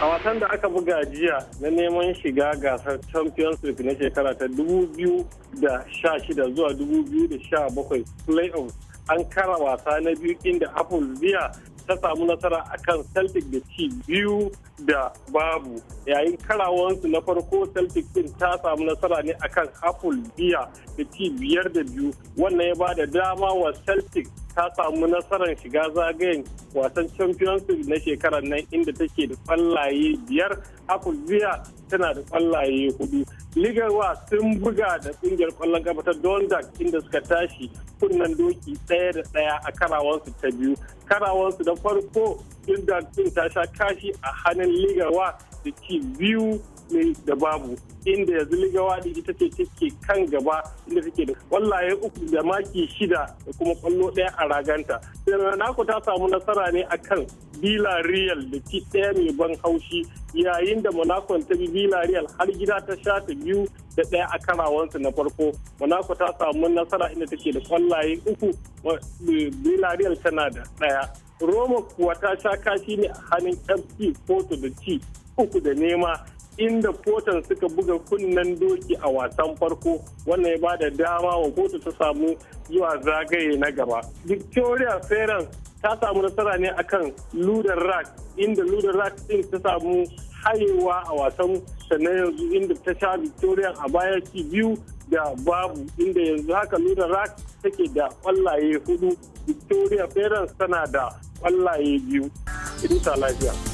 A wasan da aka buga jiya na neman shiga gasar Champions League na shekara ta 2016 zuwa 2017 playoffs an kara wasa na biyu inda Apple zia. ta samu nasara akan celtic da ci biyu da babu yayin karawansu na farko celtic din ta samu nasara ne akan apple biya da ci biyar da biyu wannan ya ba da dama wa celtic ta samu nasarar shiga zagayen wasan champions league na shekarar nan inda take da kwallaye biyar apple biya tana da kwallaye hudu ligarwa sun buga da kungiyar kwallon kafa ta da inda suka tashi kunnan doki ɗaya da ɗaya a karawansu ta biyu karawansu da farko inda sun ta sha kashi a hannun ligawa da ci biyu ne da babu inda yanzu ligawa da ita ce take kan gaba inda take da kwallaye uku da maki shida da kuma kwallo ɗaya a raganta sai ta samu nasara ne akan bila real da ci ɗaya mai ban haushi yayin da monaco ta bi villarreal har gida ta sha ta biyu da ɗaya a karawansu na farko monaco ta samu nasara inda take da kwallaye uku villarreal tana da ɗaya roma kuwa ta sha kashi ne a hannun fc porto da ci uku da nema inda portal suka buga kunnen doki a wasan farko wannan ya ba da dama wa kotu ta samu zuwa zagaye na gaba victoria ferrans ta samu nasara ne akan ludar rack inda ludar rack din ta samu hayewa a wasan sannan yanzu inda ta sha victoria a baya ci biyu da babu inda yanzu haka ludar rack take da kwallaye hudu victoria ferrans tana da kwallaye biyu. Idisa lafiya.